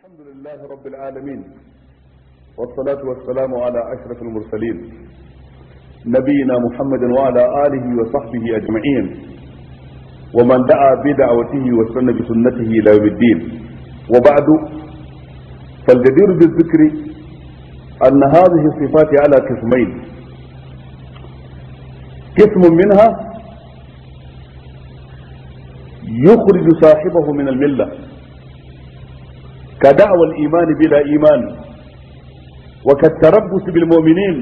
الحمد لله رب العالمين والصلاة والسلام على أشرف المرسلين نبينا محمد وعلى آله وصحبه أجمعين ومن دعا بدعوته وسن بسنته إلى يوم الدين وبعد فالجدير بالذكر أن هذه الصفات على قسمين قسم منها يخرج صاحبه من المله كدعوى الإيمان بلا إيمان وكالتربص بالمؤمنين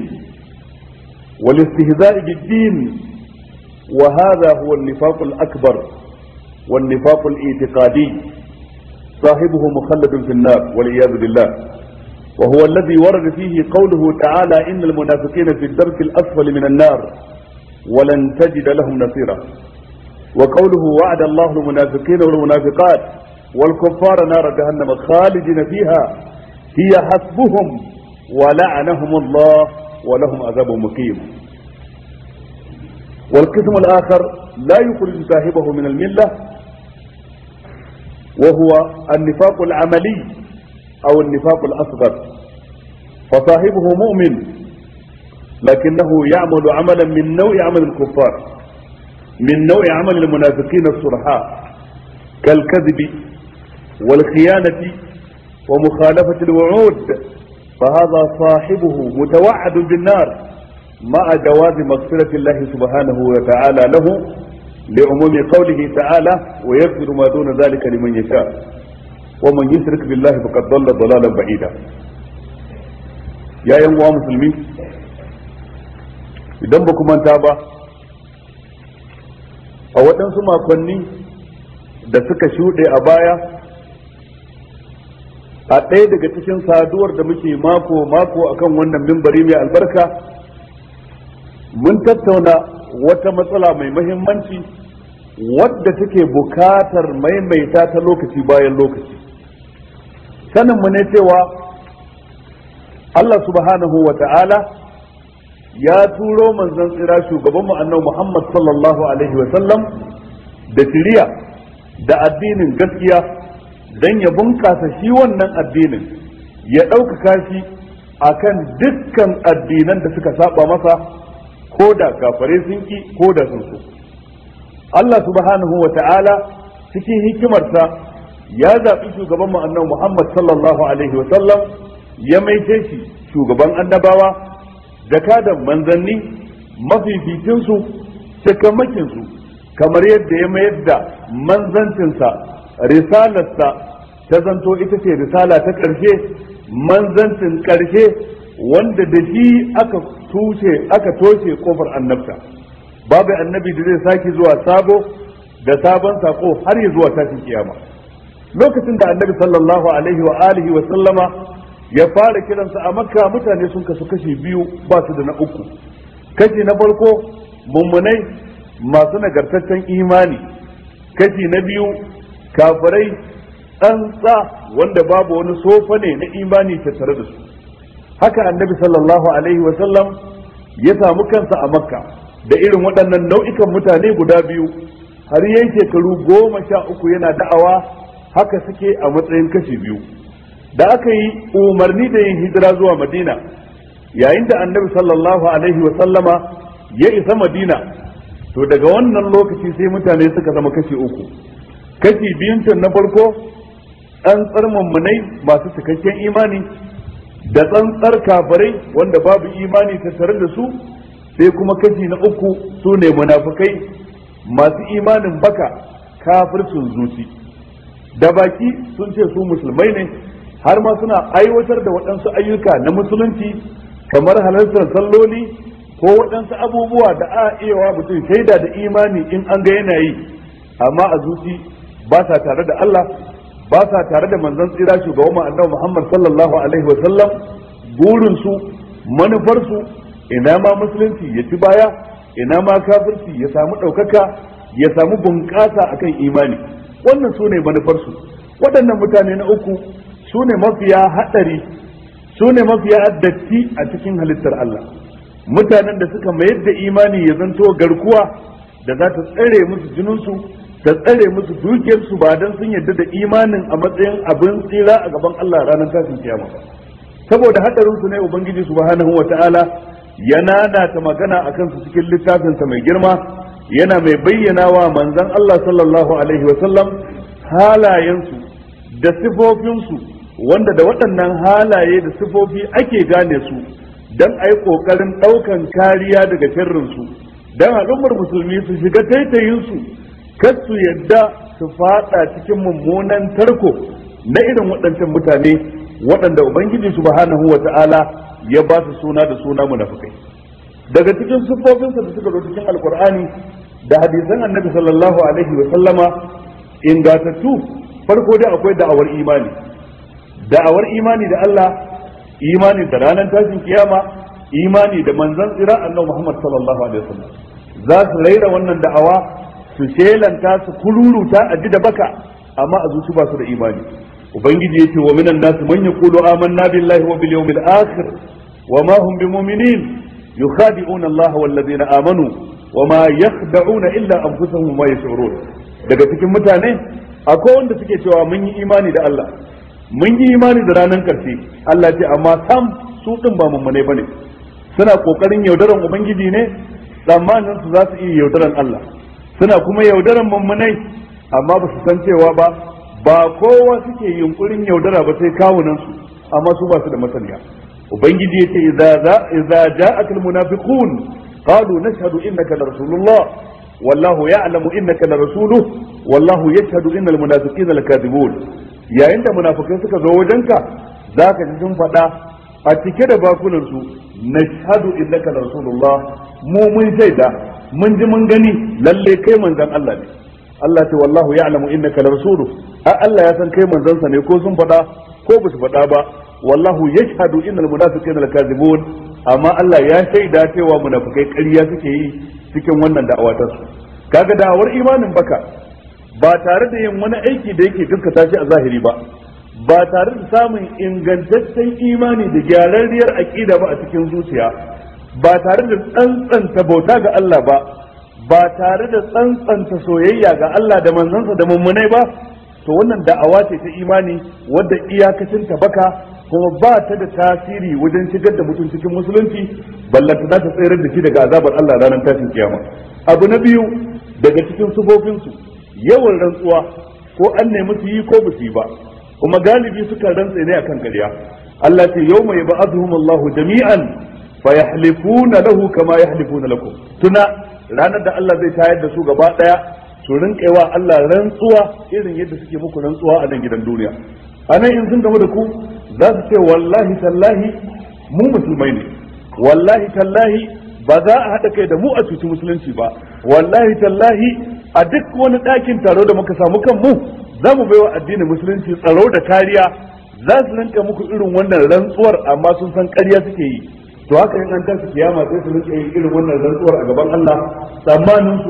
والاستهزاء بالدين وهذا هو النفاق الأكبر والنفاق الاعتقادي صاحبه مخلد في النار والعياذ بالله وهو الذي ورد فيه قوله تعالى إن المنافقين في الدرك الأسفل من النار ولن تجد لهم نصيرا وقوله وعد الله المنافقين والمنافقات والكفار نار جهنم خالدين فيها هي حسبهم ولعنهم الله ولهم عذاب مقيم والقسم الآخر لا يخرج صاحبه من الملة وهو النفاق العملي أو النفاق الأصغر فصاحبه مؤمن لكنه يعمل عملا من نوع عمل الكفار من نوع عمل المنافقين الصرحاء كالكذب والخيانة ومخالفة الوعود فهذا صاحبه متوعد بالنار مع جواز مغفرة الله سبحانه وتعالى له لعموم قوله تعالى ويغفر ما دون ذلك لمن يشاء ومن يشرك بالله فقد ضل ضلالا بعيدا يا ينوى مسلمين idan ba kuma ta ba a waɗansu makonni da suka shuɗe a baya a ɗaya daga cikin saduwar da muke mako mako akan wannan mimbari mai albarka mun tattauna wata matsala mai mahimmanci wadda take bukatar maimaita ta lokaci bayan lokaci saninmu ne cewa Allah subhanahu wa ta'ala ya turo manzon tsira shugabanmu annabi Muhammad sallallahu alaihi wa sallam da shiriya da addinin gaskiya dan ya bunƙasa shi wannan addinin ya ɗaukaka shi kan dukkan addinan da suka saba masa ko da kafare sun ki ko da sun so Allah subhanahu wa ta'ala cikin hikimarsa ya zaɓi shugaban annabi Muhammad sallallahu alaihi wa sallam ya maice shi shugaban annabawa da jakadan manzanni mafificinsu cikamakinsu kamar yadda ya mayar da manzancinsa risalarsa ta zanto ita ce risala ta ƙarshe manzancin ƙarshe wanda da shi aka tushe aka toshe kofar annabta babu annabi da zai sake zuwa sabo da sabon sako har ya zuwa tashin kiyama lokacin da annabi sallallahu alaihi wa alihi wa sallama ya fara kiransa a makka mutane sun kasu kashi biyu ba su da na uku kashi na farko mummunai masu nagartaccen imani kashi na biyu kafirai tsantsa wanda babu wani sofa ne na imani tattare da su haka annabi sallallahu alaihi wa sallam ya samu kansa a makka da irin waɗannan nau'ikan mutane guda biyu har yayi shekaru goma sha uku yana da'awa haka suke a matsayin kashi biyu da aka yi umarni da yin hijira zuwa madina yayin da annabi sallallahu alaihi wa sallama ya isa madina to daga wannan lokaci sai mutane suka zama kashi uku kashi biyun can na farko tsantsar munai masu cikakken imani da tsantsar kafarai wanda babu imani tattare da su sai kuma kashi na uku su ne munafukai masu imanin baka kafircin zuci da baki sun ce su musulmai ne har ma suna aiwatar da waɗansu ayyuka na musulunci kamar halartar salloli ko waɗansu abubuwa da a iya mutum shaida da imani in an ga yana yi amma a zuci ba sa tare da Allah ba sa tare da manzon tsira shugaban annabi Muhammad sallallahu alaihi wa sallam burin su manufar su ina ma musulunci ya ci baya ina ma kafirci ya samu ɗaukaka ya samu bunƙasa akan imani wannan su ne manufarsu waɗannan mutane na uku su ne mafiya haɗari su ne mafiya addatti a cikin halittar Allah mutanen da suka mayar da imani ya zanto garkuwa da za ta tsare musu jininsu ka tsare musu dukiyarsu ba don sun yarda da imanin a matsayin abin tsira a gaban Allah ranar tashin kiyama saboda hadarin su ne ubangiji subhanahu wataala yana da ta magana akan su cikin littafinsa mai girma yana mai bayyana wa manzon Allah sallallahu alaihi wa sallam halayensu da sifofinsu wanda da waɗannan halaye da sifofi ake gane su dan a yi ƙoƙarin ɗaukan kariya daga su dan al'ummar musulmi su shiga taitayinsu kar su yadda su fada cikin mummunan tarko na irin waɗancan mutane waɗanda ubangiji subhanahu ta'ala ya ba su suna da suna munafikai daga cikin siffofinsa da suka zo cikin alkur'ani da hadisan annabi sallallahu alaihi wa sallama ingatattu farko dai akwai da'awar imani da'awar imani da Allah imani da ranar tashin kiyama imani da manzon tsira annabi Muhammad sallallahu alaihi za su raira wannan da'awa su shelanta su kururuta a ji da baka amma a zuci ba su da imani ubangiji yace wa minan nasu man yaqulu amanna billahi wa bil yawmil akhir wa ma hum bimu'minin yukhadi'una Allah wal ladina amanu wa ma yakhda'una illa anfusahum ma yash'urun daga cikin mutane akwai wanda suke cewa mun yi imani da Allah mun yi imani da ranar karshe Allah ce amma sam su din ba mummune bane suna kokarin yaudaran ubangiji ne tsammanin su za su iya yaudaran Allah suna kuma yaudaran mummunai amma ba su san cewa ba ba kowa suke yunkurin yaudara ba sai kawunan su amma su ba su da masaniya ubangiji ya ce idza ja'aka almunafiqun qalu nashhadu innaka la rasulullah wallahu ya'lamu innaka la rasulu, wallahu yashhadu innal munafiqina lakadibun yayin da munafikai suka zo wajenka zaka ji sun faɗa a cike da bakunan su nashhadu innaka la rasulullah mu mun shaida mun ji mun gani lalle kai manzon Allah ne Allah ce wallahu ya'lamu innaka rasulu a Allah ya san kai manzon sa ne ko sun faɗa ko ba su faɗa ba wallahu yashhadu innal munafiqina lakazibun amma Allah ya shaida cewa munafikai ƙarya suke yi cikin wannan da'awa ta su kaga da'awar imanin baka ba tare da yin wani aiki da yake gaskata shi a zahiri ba ba tare da samun ingantaccen imani da gyararriyar aƙida ba a cikin zuciya ba tare da tsantsanta bauta ga Allah ba ba tare da tsantsanta soyayya ga Allah da manzansa da mummunai ba to wannan da'awa ce ta imani wadda iyakacin ta baka kuma ba ta da tasiri wajen shigar da mutum cikin musulunci ballanta za ta tsayar da shi daga azabar Allah ranar tashin kiyama abu na biyu daga cikin sufofinsu yawan rantsuwa ko an nemi su yi ko ba su yi ba kuma galibi sukan rantsa ne akan ƙarya Allah ce yau mai ba'azuhum Allahu jami'an fa yahlifuna lahu kama yahlifuna lakum tuna ranar da Allah zai tayar da su gaba daya su rinƙewa Allah rantsuwa irin yadda suke muku rantsuwa a nan gidan duniya anan in sun gama da ku za su ce wallahi tallahi mu musulmai ne wallahi tallahi ba za a haɗa kai da mu a cikin musulunci ba wallahi tallahi a duk wani ɗakin taro da muka samu kanmu za mu baiwa addinin musulunci tsaro da kariya za su rinka muku irin wannan rantsuwar amma sun san ƙarya suke yi to haka in an tashi kiyama sai su rike irin wannan rantsuwar a gaban Allah tsammanin su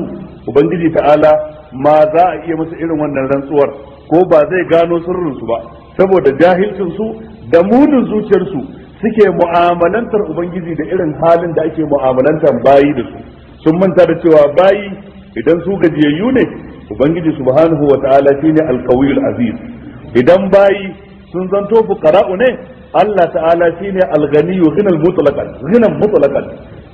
ubangiji ta'ala ma za a iya masa irin wannan rantsuwar ko ba zai gano sirrin su ba saboda jahilcin su da munin zuciyar su suke mu'amalantar ubangiji da irin halin da ake mu'amalantar bayi da su sun manta da cewa bayi idan su gajiyayyu ne ubangiji subhanahu wa ta'ala shine alqawiyul aziz idan bayi sun zanto fuqara'u ne Allah ta'ala shine al-ghani ghinal mutlaqan ghinan mutlaqan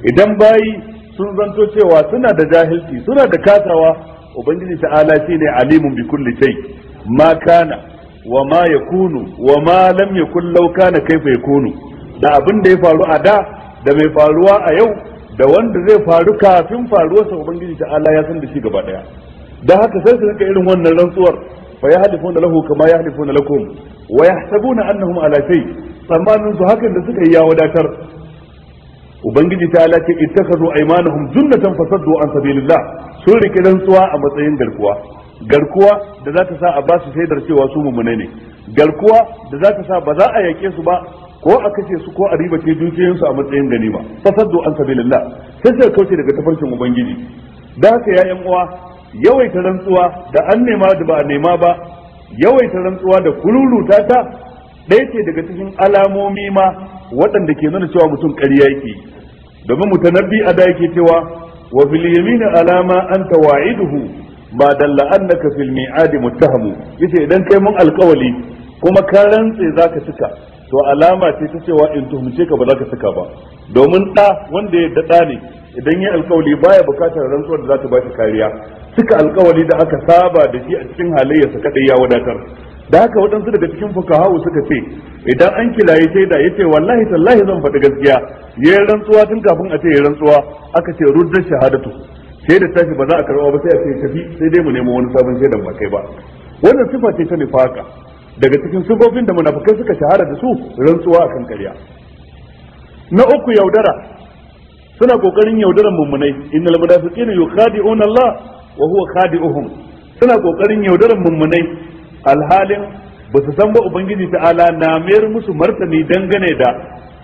idan bayi sun zanto cewa suna da jahilci suna da kasawa ubangiji ta'ala shine alimun bi kulli shay ma kana wa ma yakunu wa ma lam yakun law kana kaifa yakunu da abin da ya faru a da da mai faruwa a yau da wanda zai faru kafin faruwarsa ubangiji ta'ala ya san da shi gaba daya da haka sai su rika irin wannan rantsuwar fa yahlifuna lahu kama yahlifuna lakum wa yahsabuna annahum ala shay tsammanin su hakan da suka yi ya wadatar ubangiji ta lace ittakhadhu aymanahum junnatan fasaddu an sabilillah sun rike rantsuwa a matsayin garkuwa garkuwa da za ta sa a basu shaidar cewa su mummune ne garkuwa da za ta sa ba za a yake su ba ko a kashe su ko a riba ce dukiyoyinsu a matsayin ganima fasaddu an sabilillah sai suka kauce daga tafarkin ubangiji da haka ya yan uwa yawaita rantsuwa da an nema da ba a nema ba yawaita rantsuwa da kururuta ta ɗaya ce daga cikin alamomi ma waɗanda ke nuna cewa mutum ƙarya yake domin mu tanabbi a da yake cewa wa fil yamin alama an tawaiduhu ba dalla annaka fil mi'ad muttahamu yace idan kai mun alƙawali kuma ka rantse zaka cika to alama ce ta cewa in tuhumce ka ba zaka cika ba domin ɗa wanda ya dada ne idan ya alƙawali baya bukatar rantsuwar da za ta ba shi kariya suka alkawari da aka saba da shi a cikin halayyarsa kadai ya wadatar da haka waɗansu daga cikin fukahawu suka ce idan an kilaye shaida yace wallahi tallahi zan faɗi gaskiya ya rantsuwa tun kafin a ce ya rantsuwa aka ce ruddar shahadatu shaidar tashi ba za a karɓa ba sai a ce tafi sai dai mu nemo wani sabon shaidan ba kai ba wannan sifa ce ta nifaka daga cikin sifofin da munafukai suka shahara da su rantsuwa akan ƙarya na uku yaudara suna kokarin yaudaran mummunai innal mudafiqina yukhadi'una Allah wa huwa khadi'uhum suna kokarin yaudaran mummunai alhalin ba su san ba ubangiji ta'ala na mayar musu martani dangane da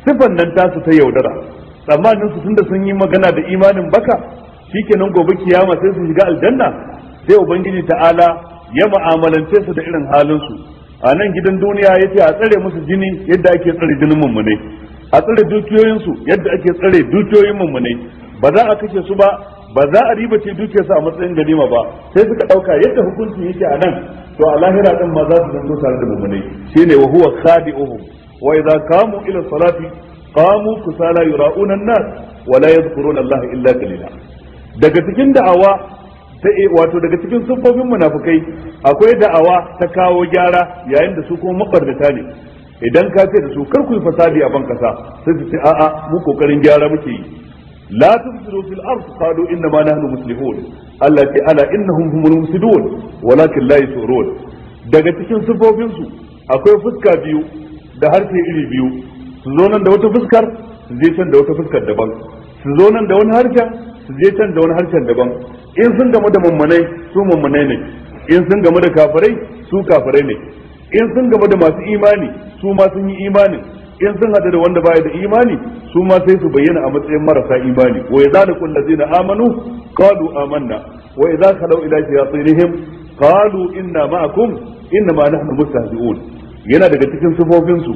sifan nan tasu ta yaudara tsammanin su tunda sun yi magana da imanin baka shikenan gobe kiyama sai su shiga aljanna sai ubangiji ta'ala ya mu'amalance su da irin halin su a nan gidan duniya yace a tsare musu jini yadda ake tsare jinin mummunai a tsare su yadda ake tsare dukiyoyin mummunai ba za a kashe su ba ba za a riba ce dukiyarsa a matsayin ganima ba sai suka dauka yadda hukuncin yake a nan to a lahira din ma za su zanto tare da mummunai shine wa huwa khadi'uhum wa idza kamu ila salati qamu kusala yura'una an-nas wa la yadhkuruna Allah illa qalila daga cikin da'awa ta eh, wato daga cikin siffofin munafikai akwai da'awa ta kawo gyara yayin da su kuma mabarnata ne idan ka ce da su kar ku yi fasadi a ban kasa sai su ce a'a mu kokarin gyara muke yi la tufsidu fil ard qalu inna ma nahnu muslihun Allah ce ala innahum humul mufsidun walakin la yashurun daga cikin sifofin su akwai fuska biyu da harshe iri biyu su zo nan da wata fuskar su je can da wata fuskar daban su zo nan da wani harshen su je can da wani harshen daban in sun gamu da mummunai su mummunai ne in sun gamu da kafirai su kafirai ne in sun gamu da masu imani su ma sun yi imanin in sun hada da wanda baya da imani su ma sai su bayyana a matsayin marasa imani wa idza laqul ladina amanu qalu amanna wa idza khalu ila shayatinihim qalu inna ma'akum inna ma nahnu mustahzi'un yana daga cikin sifofin su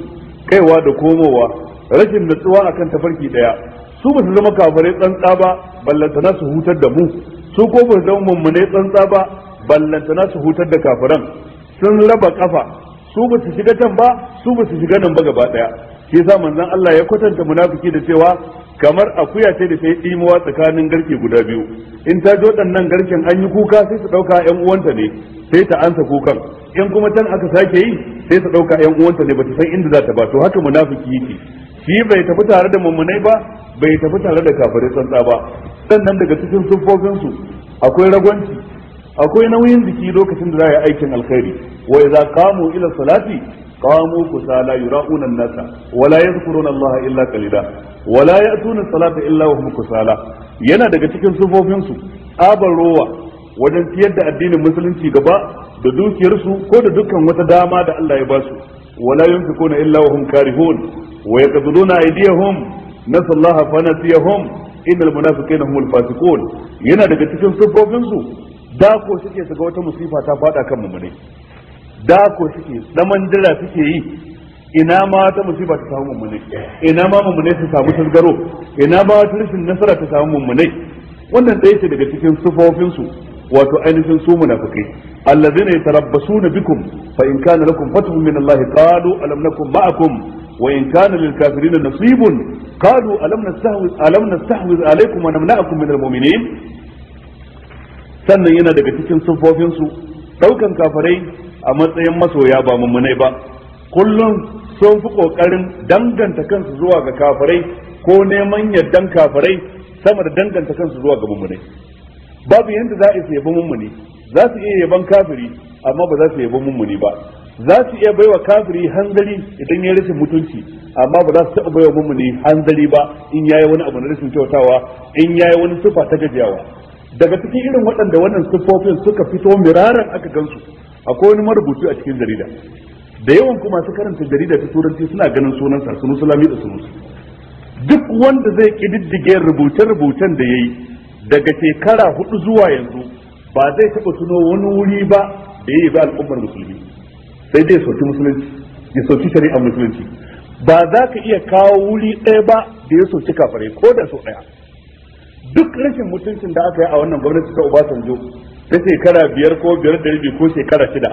kaiwa da komowa rashin nutsuwa akan tafarki daya su ba su zama kafirai tsantsa ba ballantana su hutar da mu su ko ba su zama mummune tsantsa ba ballantana su hutar da kafiran sun raba kafa su ba su shiga can ba su ba su shiga nan ba gaba daya shi yasa manzon Allah ya kwatanta munafiki da cewa kamar akuya ce da sai ɗimawa tsakanin garke guda biyu in ta jo nan garken an yi kuka sai su dauka yan uwanta ne sai ta ansa kukan in kuma tan aka sake yi sai ta dauka yan uwanta ne bata san inda za ta ba to haka munafiki yake shi bai tafi tare da mummunai ba bai tafi tare da kafirai tsantsa ba sannan daga cikin su akwai ragwanci akwai nauyin jiki lokacin da za a yi aikin alkhairi wa idza qamu ila salati قاموا كسالى يراؤون الناس ولا يذكرون الله إلا قليلا ولا يأتون الصلاة إلا وهم كسالى yana daga cikin sufofinsu abar rowa wajen ciyar da addinin musulunci gaba da dukiyarsu ko da dukkan wata dama da Allah ya basu, su wala yunfikuna illa wahum karihun wa yaqduduna aydiyahum nasallaha fa nasiyahum innal munafiqina humul fasiqun yana daga cikin sufofinsu da ko suke shiga wata masifa ta faɗa kan mu Da dako suke daman dira suke yi ina ma ta musiba ta samu mummune ina ma mummune ta samu tasgaro ina ma wata rashin nasara ta samu mummune wannan ɗaya ce daga cikin sufofinsu wato ainihin su munafikai allazina yatarabbasuna bikum fa in kana lakum fathun min Allah qalu alam nakum ma'akum wa in kana lil kafirin nasibun qalu alam nastahwiz alam nastahwiz alaykum wa namna'akum min al mu'minin sannan yana daga cikin sufofinsu daukan kafirai a matsayin masoya ba mummunai ba kullum sun fi kokarin danganta kansu zuwa ga kafirai ko neman yardan kafirai sama da danganta kansu zuwa ga mummunai babu yadda za a yabi mummuni za su iya yaban kafiri amma ba za su yabi mummuni ba za su iya baiwa kafiri hanzari idan ya rashin mutunci amma ba za su taɓa baiwa mummuni hanzari ba in ya yi wani abu na rashin kyautawa in ya yi wani sufa ta gajiyawa daga cikin irin waɗanda wannan siffofin suka fito miraran aka gansu akwai wani marubuci a cikin jarida da yawan kuma su karanta jarida ta turanci suna ganin sunansa sunu sulami da sunu duk wanda zai kididdige rubuce-rubucen da yayi daga shekara hudu zuwa yanzu ba zai taɓa tuno wani wuri ba da ya ba al'ummar musulmi sai dai sauki musulunci ya sauki shari'ar musulunci ba za ka iya kawo wuri ɗaya ba da ya sauki kafare ko da sau ɗaya duk rashin mutuncin da aka yi a wannan gwamnati ta Obasanjo ta shekara biyar ko biyar da rabi ko shekara shida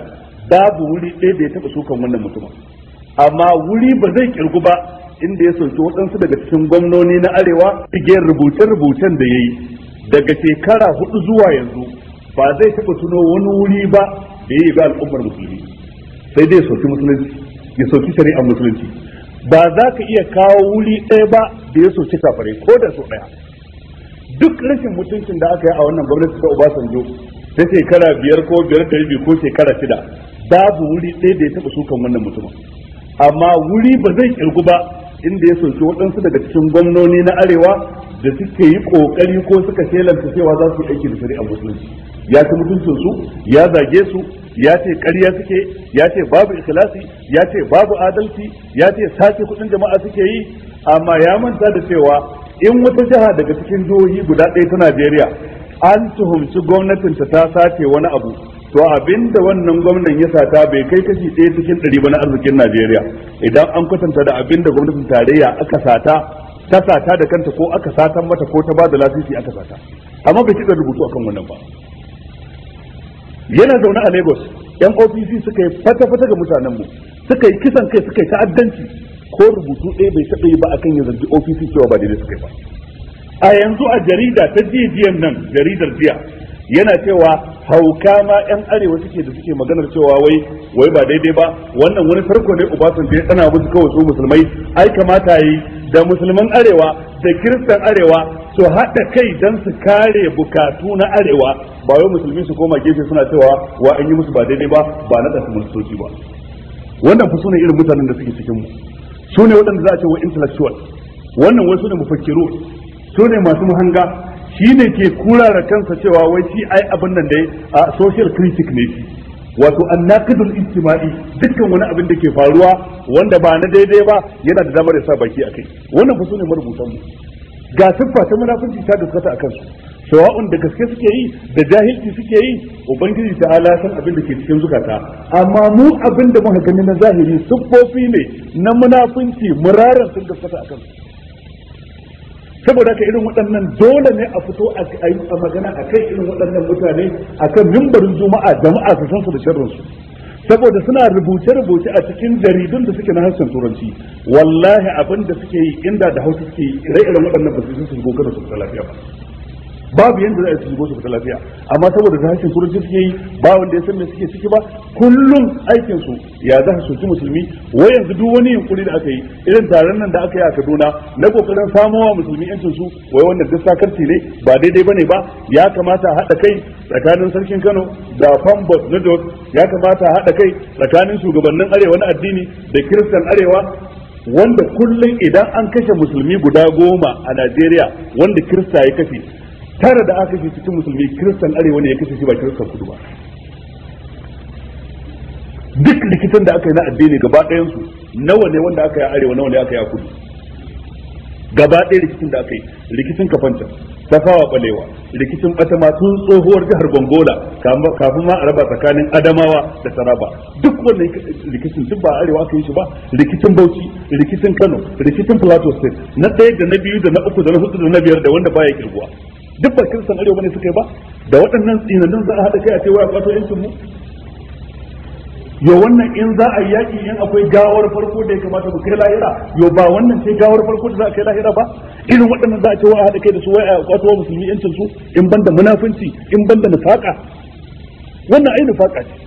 babu wuri ɗaya da ya taɓa sukan wannan mutumin amma wuri ba zai kirgu ba inda ya soki waɗansu daga cikin gwamnoni na arewa igiyar rubuce-rubucen da ya yi daga shekara hudu zuwa yanzu ba zai taɓa tuno wani wuri ba da ya yi ga al'ummar musulmi sai dai ya soki musulunci ya soki musulunci ba za ka iya kawo wuri ɗaya ba da ya soki kafare ko da so ɗaya duk rashin mutuncin da aka yi a wannan gwamnati ta Obasanjo ta shekara biyar ko biyar da ko shekara shida babu wuri ɗaya da ya taɓa sukan wannan mutumin amma wuri ba zai kirgu ba inda ya soki waɗansu daga cikin gwamnoni na arewa da suke yi ƙoƙari ko suka shelanta cewa za su yi aiki da shari'a musulunci ya ci su, ya zage su ya ce ƙarya suke ya ce babu ikhlasi ya ce babu adalci ya ce sace kuɗin jama'a suke yi amma ya manta da cewa in wata jiha daga cikin jihohi guda ɗaya ta Najeriya an tuhumci gwamnatinta ta sace wani abu to abinda wannan gwamnan ya sata bai kai kashi ɗaya cikin ɗari ba na arzikin Najeriya idan an kwatanta da abinda gwamnatin tarayya aka sata ta sata da kanta ko aka satan mata ko ta ba da lasisi aka sata amma bai kika rubutu akan wannan ba yana zaune a Lagos yan OPC suka yi fata-fata ga mutanen mu suka yi kisan kai suka yi ta'addanci ko rubutu ɗaya bai taɓa yi ba akan ya zargi OPC cewa ba daidai suka yi ba a yanzu a jarida ta jijiyan nan jaridar jiya yana cewa hauka ma yan arewa suke da suke maganar cewa wai wai ba daidai ba wannan wani farko ne ubatan da ya tsana musu kawai su musulmai ai kamata yi da musulman arewa da kiristan arewa su haɗa kai don su kare bukatu na arewa ba wai musulmi su koma gefe suna cewa wa an yi musu ba daidai ba ba na ɗansu mulkoki ba wannan fa sune irin mutanen da suke cikin mu su ne waɗanda za a ce wa intellectual wannan su ne mufakkiru su ne masu muhanga shi ne ke da kansa cewa wai shi ai abin nan dai a social critic ne shi wato annaqidul ijtima'i dukkan wani abin da ke faruwa wanda ba na daidai ba yana da damar ya sa baki akai wannan fa sune marubutan mu ga siffa ta munafunci ta gaskata akan su sawa'un da gaske suke yi da jahilci suke yi ubangiji ta ala san abin da ke cikin zukata amma mu abin da muka gani na zahiri siffofi ne na munafunci muraran sun gaskata a kansu. saboda haka irin waɗannan dole ne a fito a yi a magana a kai irin waɗannan mutane a kan mimbarin juma'a jama'a su san su da sharrinsu saboda suna rubuce-rubuce a cikin jaridun da suke na harshen turanci wallahi abin da suke yi inda da hausa suke yi ire-iren waɗannan sun su gogara su lafiya ba babu yanda za a su shigo su fita lafiya amma saboda da harshen turanci suke yi ba wanda ya san me suke ciki ba kullum aikin su ya za su soki musulmi wai yanzu duk wani yunkuri da aka yi irin taron nan da aka yi a Kaduna na kokarin samowa musulmi yancin su wai wannan duk sakarci ne ba daidai bane ba ya kamata a haɗa kai tsakanin sarkin Kano da Fambo na Jos ya kamata a haɗa kai tsakanin shugabannin arewa na addini da kiristan arewa wanda kullum idan an kashe musulmi guda goma a Najeriya wanda Kirista ya kashe tara da aka shi cikin musulmi kiristan arewa ne ya kashe shi ba kiristan kudu ba duk likitan da aka yi na addini gaba ɗayansu nawa ne wanda aka yi arewa nawa ne aka yi a kudu gaba ɗaya likitan da aka yi Likitan kafanta tafawa balewa rikicin batama tun tsohuwar jihar gongola kafin ma a raba tsakanin adamawa da taraba duk wannan likitan duk ba a arewa aka yi shi ba Likitan bauchi likitan kano likitan plateau state na ɗaya da na biyu da na uku da na hudu da na biyar da wanda baya kirguwa duk ba kiristan arewa ne suka yi ba da waɗannan tsinanin za a haɗa kai a ce waya a kwato yankin mu yo wannan in za a yaƙi in akwai gawar farko da ya kamata mu kai lahira yo ba wannan ce gawar farko da za a kai lahira ba irin waɗannan za a ce waya a haɗa kai da su waya a kwato musulmi yancin su in banda munafunci in banda nufaka wannan ai nufaka ce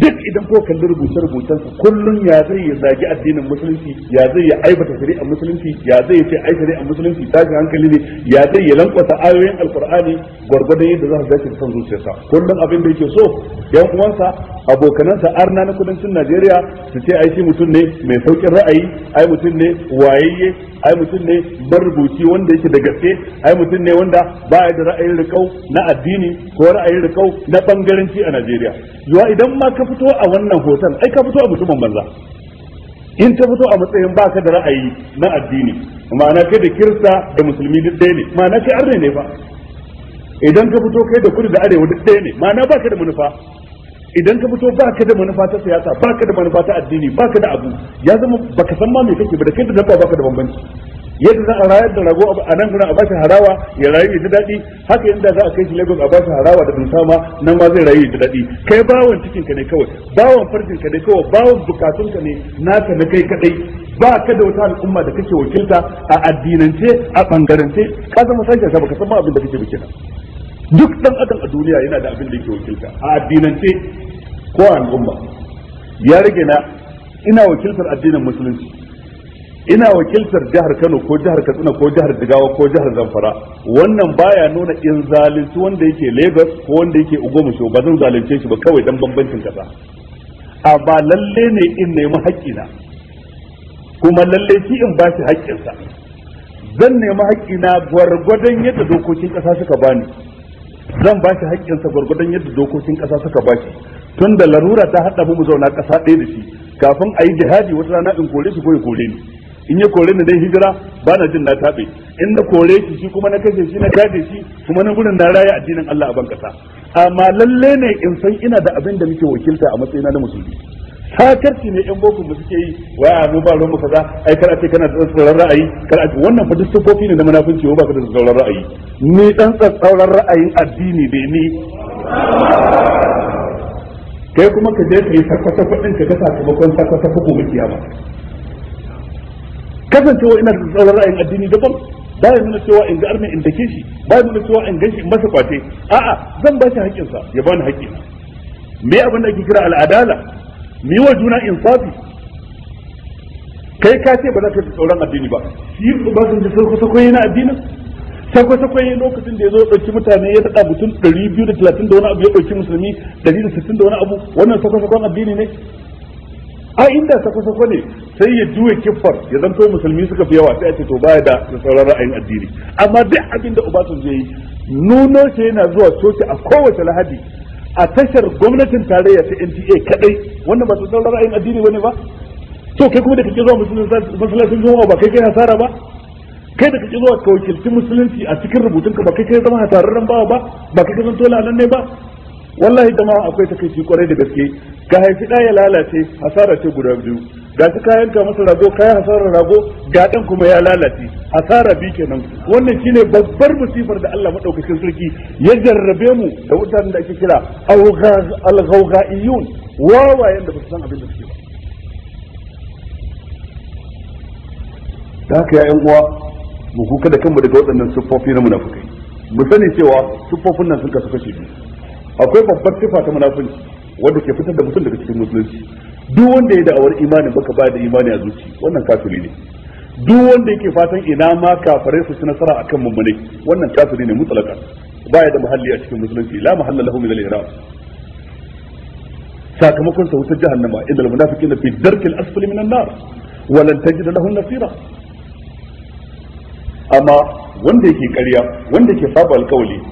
duk idan ko kalli rubuce rubucen sa kullun ya zai ya zagi addinin musulunci ya zai ya aibata shari'a musulunci ya zai ce ai shari'a musulunci ta shi hankali ne ya zai ya lankwasa ayoyin alqur'ani gwargwadon yadda za su dace da son zuciyarsa kullun abin da yake so yan uwansa abokanansa arna na kudancin Najeriya su ce ai shi mutum ne mai saukin ra'ayi ai mutum ne wayayye ai mutum ne marubuci wanda yake da gaske ai mutum ne wanda ba ya da ra'ayin rikau na addini ko ra'ayin rikau na bangaranci a Najeriya zuwa idan ma ka fito a wannan hoton ai ka fito a mutumin banza in ta fito a matsayin ba ka da ra'ayi na addini ma'ana kai da kirista da musulmi duk ɗaya ne ma'ana kai arne ne fa idan ka fito kai da kudu da arewa duk ɗaya ne ma'ana ka da manufa idan ka fito baka da manufa ta siyasa baka da manufa ta addini baka da abu ya zama baka san ma me kake ba da kai da dabba baka da bambanci yadda za a rayar da rago a nan gurin a bashi harawa ya rayu da dadi daɗi haka yadda za a kai shi lagos a bashi harawa da dusa ma nan ma zai rayu da dadi daɗi kai bawon cikin ka ne kawai bawon farjin ka ne kawai bawon bukatun ka ne naka na kai kadai ba ka da wata al'umma da kake wakilta a addinance a bangarance ka zama sashen ka baka san ma abin da kake bikin duk dan adam a duniya yana da abin da yake wakilta a addinance ko al'umma ya rage na ina wakiltar addinin musulunci ina wakiltar jihar Kano ko jihar Katsina ko jihar Jigawa ko jihar Zamfara wannan baya nuna in zalunci wanda yake Lagos ko wanda yake Ogbomusho ba zan zalunce shi ba kawai dan bambancin kasa amma lalle ne in nemi haƙƙina kuma lalle shi in ba shi haƙƙinsa zan nemi haƙƙina gwargwadon yadda dokokin ƙasa suka bani zan ba shi haƙƙinsa gwargwadon yadda dokokin ƙasa suka ba shi tun da larura ta haɗa mu zauna ƙasa ɗaya da shi kafin a yi jihadi wata rana in kore shi ko ya kore ni in ya kore ni dai hijira ba na jin na taɓe in na kore shi shi kuma na kashe shi na gaje shi kuma na gudun na raya addinin Allah a ban ƙasa amma lalle ne in san ina da abin da muke wakilta a matsayina na musulmi sakarci ne yan boko suke yi waya ah, mu ba ruwan kaza ai kar a ce kana da tsauraran ra'ayi kar a ce wannan fa duk sufofi ne na munafunci ba ka da tsauraran ra'ayi ni dan tsauraran ra'ayin addini ne ni kai kuma ka je ka yi sakwata kudin ka ga sakamakon sakwata ko kuma kiyama kasancewa ina da tsauraran ra'ayin addini daban ba ya nuna cewa in ga arme in dake shi ba ya nuna cewa in ganshi in masa kwace a'a zan ba shi haƙƙinsa ya bani haƙƙina me abin da ake kira al'adala mi wa juna insafi kai ka ce ba za ka tsoron addini ba shi ba sun ji sauko sauko yana addini sauko yana lokacin da ya zo ɗauki mutane ya taɗa mutum ɗari biyu da talatin da wani abu ya ɗauki musulmi ɗari da sittin da wani abu wannan sauko saukon addini ne a inda sauko sauko ne sai ya juya kiffar ya zanto musulmi suka fi yawa sai a ce to baya da sauran ra'ayin addini amma duk abin da ubatun zai yi nuno shi yana zuwa coci a kowace lahadi a tashar gwamnatin tarayya ta NTA kadai wannan ba su sauran ra'ayin addini bane ba to kai kuma da kake zuwa masallacin zuwa ba kai kai hasara ba kai da kake zuwa ka wakilci musulunci a cikin rubutun ka ba kai kai zama hasararren bawa ba ba kai kai tola nan ne ba wallahi dama akwai takaici kwarai da gaske ka haifi ɗaya lalace hasara ce guda biyu ga ka masa rago kayan hasarar rago ga dan kuma ya lalace hasara bi kenan wannan shine babbar musifar da Allah madaukakin sarki ya jarrabe mu da mutanen da ake kira al-ghawghaiyun wawayen da ba su san abin da suke ba da haka ya uwa mu kuka da kanmu daga waɗannan siffofi na munafukai mu sani cewa siffofin nan sun kasu kashe biyu akwai babbar sifa ta munafunci wanda ke fitar da mutum daga cikin musulunci duk wanda ya da'awar imanin baka ba da imani a zuci wannan kafiri ne duk wanda yake fatan ina ma kafirai su ci nasara akan mummune wannan kafiri ne mutlaka baya da muhalli a cikin musulunci la mahalla lahu min al-i'rab sakamakon sa wutar jahannama inda al-munafiqin fi darkil asfali min an-nar wa lan tajid lahu nasira amma wanda yake ƙarya wanda yake saba alƙawali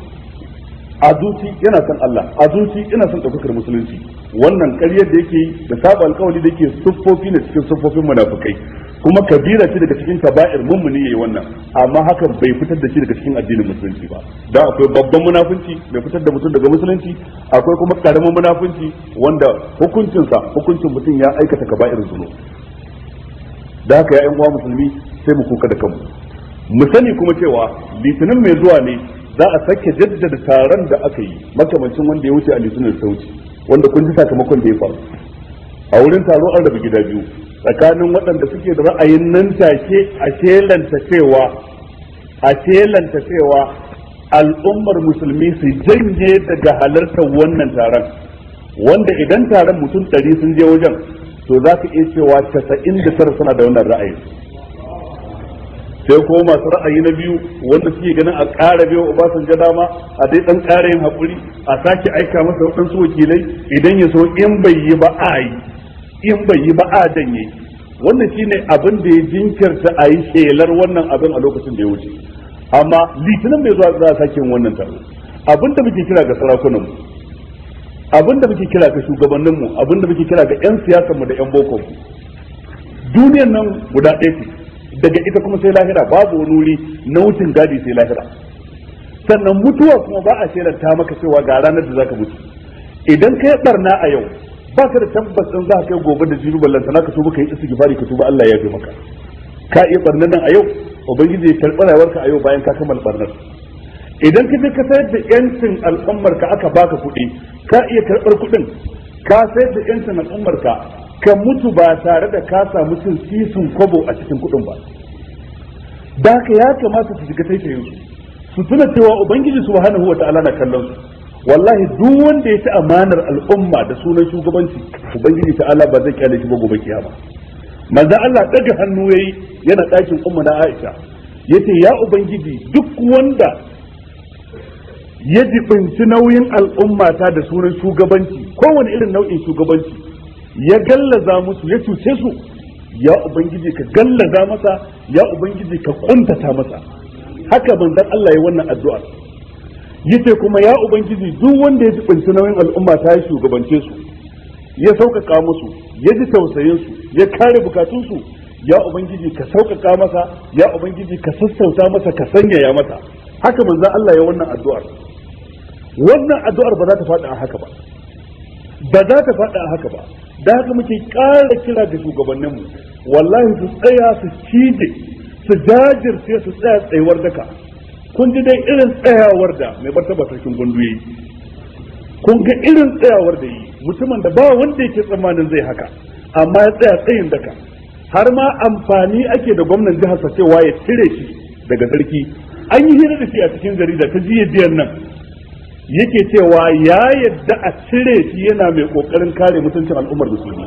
a yana son Allah a yana son ɗaukakar musulunci wannan ƙaryar da yake da saba alƙawari da yake siffofi ne cikin siffofin munafukai kuma kabira ce daga cikin kaba'ir mummuni yayi wannan amma hakan bai fitar da shi daga cikin addinin musulunci ba da akwai babban munafunci bai fitar da mutum daga musulunci akwai kuma karamin munafunci wanda hukuncinsa hukuncin mutum ya aikata kaba'ir zuno da haka ya uwa musulmi sai mu kuka da kanmu mu sani kuma cewa litinin mai zuwa ne za a sake jaddada taron da aka yi makamancin wanda ya wuce a litinin sauci wanda kun ji sakamakon da ya faru a wurin taro an rabu gida biyu tsakanin waɗanda suke da ra'ayin nan take a shelanta cewa a shelanta cewa al'ummar musulmi su janye daga halartar wannan taron wanda idan taron mutum ɗari sun je wajen to za ka iya cewa casa'in da tara suna da wannan ra'ayin sai ko masu ra'ayi na biyu wanda suke ganin a ƙara biyo Obasanjo dama a dai dan ƙara yin haƙuri a sake aika masa waɗansu wakilai idan ya so in bai yi ba a yi in bai yi ba a danye wannan shine abin da ya jinkirta a yi shelar wannan abin a lokacin da ya wuce amma litinin bai zuwa za a sake yin wannan taro abin da muke kira ga sarakunanmu abin da muke kira ga shugabanninmu abin da muke kira ga 'yan mu da 'yan boko duniyar nan guda ɗaya ce daga ita kuma sai lahira babu wani wuri na wucin gadi sai lahira sannan mutuwa kuma ba a ta maka cewa ga ranar da za ka mutu idan ka yi barna a yau ba ka da tabbas in za ka kai gobe da jibi ballanta na ka so baka yi gifari ka tuba Allah ya fi maka ka iya barnar nan a yau ubangiji ya rayuwar rayuwarka a yau bayan ka kammala barnar idan ka je ka sayar da yancin al'ummar ka aka baka kuɗi ka iya karɓar kuɗin ka sayar da yancin al'ummar ka ka mutu ba tare da ka samu cin sisin kwabo a cikin kuɗin ba da ka ya kamata su shiga taitayin su su tuna cewa ubangiji su wahana huwa ta'ala na kallon su wallahi duk wanda ya ci amanar al'umma da sunan shugabanci ubangiji ta'ala ba zai kyale shi ba gobe kiyama manzo Allah daga hannu yayi yana ɗakin umma na Aisha yace ya ubangiji duk wanda ya jibinci nauyin al'ummata da sunan shugabanci kowane irin nau'in shugabanci ya gallaza musu ya cuce su ya ubangiji ka gallaza masa ya ubangiji ka kuntata masa haka manzon Allah ya wannan addu'a yace kuma ya ubangiji duk wanda ya kunci nauyin al'umma ta yi shugabance su ya sauƙaƙa musu ya ji tausayin su ya kare bukatun su ya ubangiji ka sauƙaƙa masa ya ubangiji ka sassauta masa ka sanyaya masa haka manzon Allah ya wannan addu'ar wannan addu'ar ba za ta faɗa haka ba ba za ta faɗa haka ba da haka muke ƙara kira ga shugabanninmu wallahi su tsaya su cije su jajirce su tsaya tsayuwar daka kun ji dai irin tsayawar da mai ba sarkin gundu yayi kun ga irin tsayawar da yi mutumin da ba wanda yake tsammanin zai haka amma ya tsaya tsayin daka har ma amfani ake da gwamnan jihar sa cewa ya cire shi daga sarki an yi hira da shi a cikin jarida ta jiya biyan nan yake cewa ya yadda a cire shi yana mai kokarin kare mutuncin al'ummar musulmi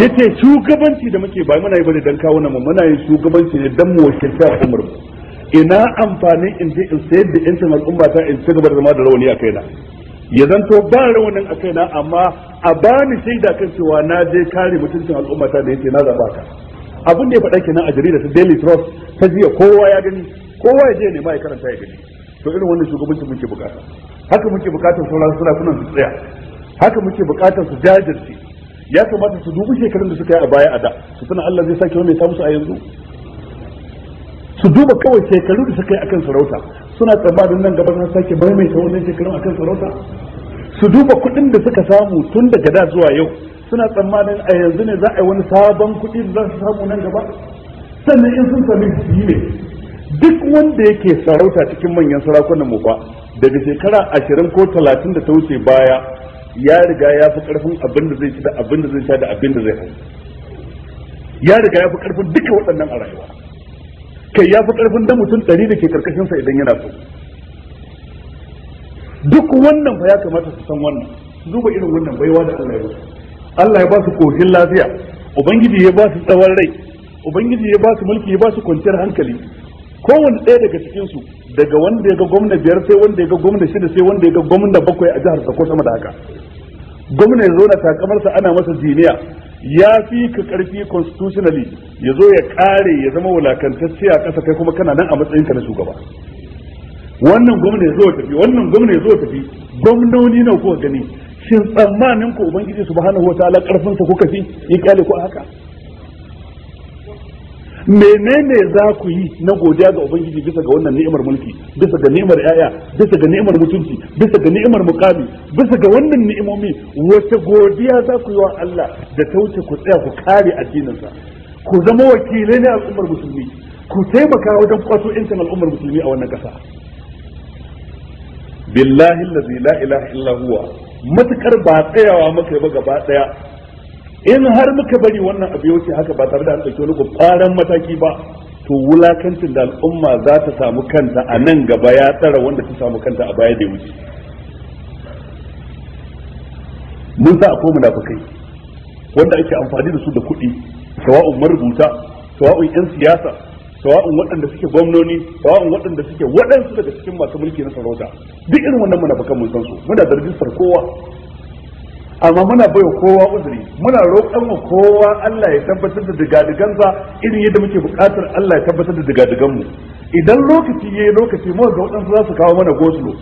yace shugabanci da muke ba muna yi bane dan kawo nan muna yi shugabanci ne dan mu wakilta al'ummar mu ina amfani in je in sayar da yancin al'umma ta in ci gaba da zama da rawani a kaina ya zanto ba rawanin a kaina amma a bani shaida kan cewa na je kare mutuncin al'umma ta da yace na zaba ka abin da ya faɗa kenan a jarida ta Daily Trust ta jiya kowa ya gani kowa ya je ne ma ya karanta ya gani to irin wannan shugabanci muke bukata haka muke bukatar sauran sarakunan su tsaya haka muke bukatar su jajirce ya kamata su dubi shekarun da suka yi a baya a da su tana Allah zai sake wani samu su a yanzu su duba kawai shekaru da suka yi akan sarauta suna tsammanin nan gaba na sake maimaita wannan shekarun akan sarauta su duba kuɗin da suka samu tun daga da zuwa yau suna tsammanin a yanzu ne za a yi wani sabon kuɗi da za su samu nan gaba sannan in sun sami su yi ne duk wanda yake sarauta cikin manyan sarakunan mu ba daga shekara ashirin ko talatin da ta wuce baya ya riga ya fi karfin abin da zai ci da abin da zai sha da abin da zai hau ya riga ya fi karfin duka waɗannan a rayuwa kai ya fi karfin da mutum ɗari da ke karkashinsa idan yana so duk wannan fa ya kamata su san wannan duba irin wannan baiwa da Allah ya ba Allah ya ba su koshin lafiya ubangiji ya ba su tsawon rai ubangiji ya ba su mulki ya ba su kwanciyar hankali kowanne ɗaya daga cikinsu daga wanda ya ga gwamna biyar sai wanda ya ga gwamna shida sai wanda ya ga gwamna bakwai a jihar ko sama da haka gwamna ya zo na takamarsa ana masa jiniya ya fi ka karfi constitutionally ya zo ya kare ya zama wulakantacce a ƙasa kai kuma kana nan a matsayinka na shugaba wannan gwamna ya zo tafi wannan gwamna ya zo tafi gwamnoni nawa kuka gani shin tsammanin ku ubangiji subhanahu wataala karfin sa kuka fi ya kyale ku a haka menene za ku yi na godiya ga ubangiji bisa ga wannan ni'imar mulki bisa ga ni'imar yaya bisa ga ni'imar mutunci bisa ga ni'imar mukami bisa ga wannan ni'imomi wace godiya za ku yi wa Allah da ta wuce ku tsaya ku kare addininsa ku zama wakilai ne al'ummar musulmi ku taimaka wajen kwato intan al'ummar musulmi a wannan kasa billahi allazi la ilaha illa huwa matukar ba tsayawa maka ba gaba daya in har muka bari wannan abu yau haka ba tare da an ɗauki wani gwaran mataki ba to wulakancin da al'umma za ta samu kanta a nan gaba ya tsara wanda ta samu kanta a baya da wuce mun sa a akwai munafukai wanda ake amfani da su da kuɗi sawa'un marubuta sawa'un 'yan siyasa sawa'un waɗanda suke gwamnoni sawa'un waɗanda suke waɗansu daga cikin masu mulki na sarauta duk irin wannan munafakan mun san su muna zargin rajistar kowa amma muna baiwa kowa uzuri muna roƙon mu kowa Allah ya tabbatar da digadigansa irin yadda muke buƙatar Allah ya tabbatar da mu. idan lokaci yayi lokaci mu ga waɗansu za su kawo mana gosulo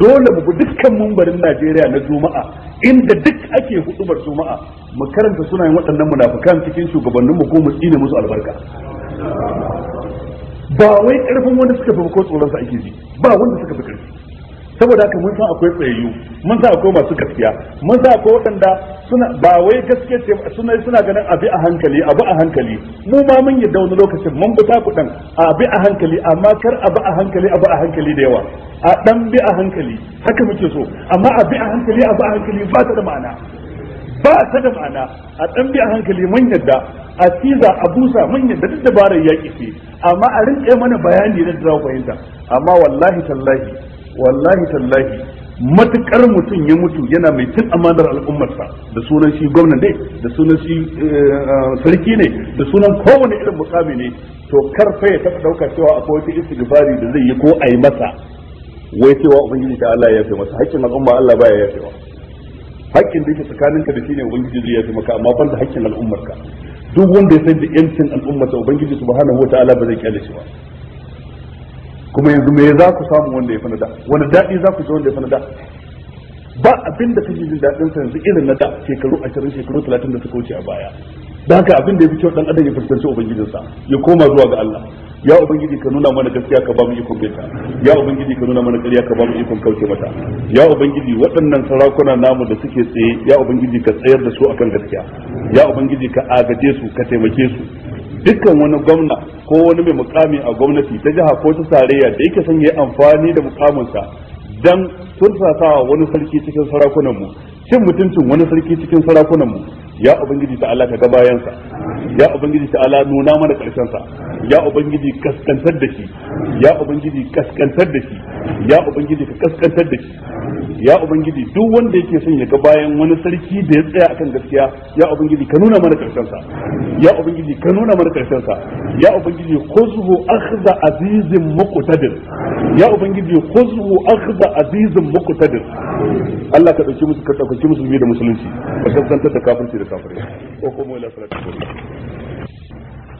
dole mu dukkan mumbarin Najeriya na Juma'a inda duk ake hudubar Juma'a mu karanta sunayen waɗannan munafukan cikin shugabannin mu ko mu tsine musu albarka ba wai karfin wanda suka fi ko tsoron sa ake ji ba wanda suka fi karfi saboda haka mun san akwai tsayayyu mun san akwai masu gaskiya mun san akwai waɗanda suna ba wai gaskiya ce suna suna ganin abi a hankali abi a hankali mu ma mun yi wani lokacin mun buta dan abi a hankali amma kar abi a hankali abi a hankali da yawa a dan bi a hankali haka muke so amma abi a hankali abi a hankali ba ta da ma'ana ba ta da ma'ana a dan bi a hankali mun yadda a tiza a busa mun yadda duk dabarar yaƙi ce amma a rinƙe mana bayani na dawo za fahimta amma wallahi tallahi wallahi tallahi matukar mutum ya mutu yana mai cin amanar al'ummarsa da sunan shi gwamna ne da sunan shi eh, eh, sarki ne da sunan kowane irin mukami ne to karfe ya taɓa ɗauka cewa akwai wata istighfari da zai yi ko a yi masa wai cewa ubangiji ta Allah ya yafe masa haƙƙin al'umma Allah baya yafe wa. haƙƙin da yake tsakaninka da shi ne ubangiji zai yafe maka amma ban da haƙƙin al'ummarka duk wanda ya san da yancin al'ummarsa ubangiji subhanahu wataala ba zai kyale shi ba kuma yanzu me za ku samu wanda ya fana na da wani daɗi za ku ji wanda ya fana na da ba abin da kake jin daɗin sa yanzu irin na da shekaru 20 shekaru 30 da suka wuce a baya dan haka abin da ya fi kyau dan adam ya fuskanci sa ya koma zuwa ga Allah ya ubangiji ka nuna mana gaskiya ka ba mu ikon binta ya ubangiji ka nuna mana ƙarya ka ba mu ikon kauce mata ya ubangiji waɗannan sarakuna namu da suke tsaye ya ubangiji ka tsayar da su akan gaskiya ya ubangiji ka agaje su ka taimake su dukkan wani gwamna ko wani mai mukami a gwamnati ta jiha ko ta tarayya da yake son ya amfani da mukaminsa dan tursasawa wani sarki cikin sarakunan mu cin mutuncin wani sarki cikin sarakunanmu mu ya ubangiji ta Allah ka ga bayansa ya ubangiji ta Allah nuna mana karshen sa ya ubangiji kaskantar da shi ya ubangiji kaskantar da shi ya ubangiji ka kaskantar da shi ya ubangiji duk wanda yake son ya ga bayan wani sarki da ya tsaya akan gaskiya ya ubangiji ka nuna mana karshen sa ya ubangiji ka nuna mana karshen sa ya ubangiji khuzhu akhza azizin muqtadir ya ubangiji khuzhu akhza azizin muqtadir Allah ka dauki musu ka ɗauki musulmi da musulunci ka kaskantar da kafirci da kafirai ko kuma ila salatu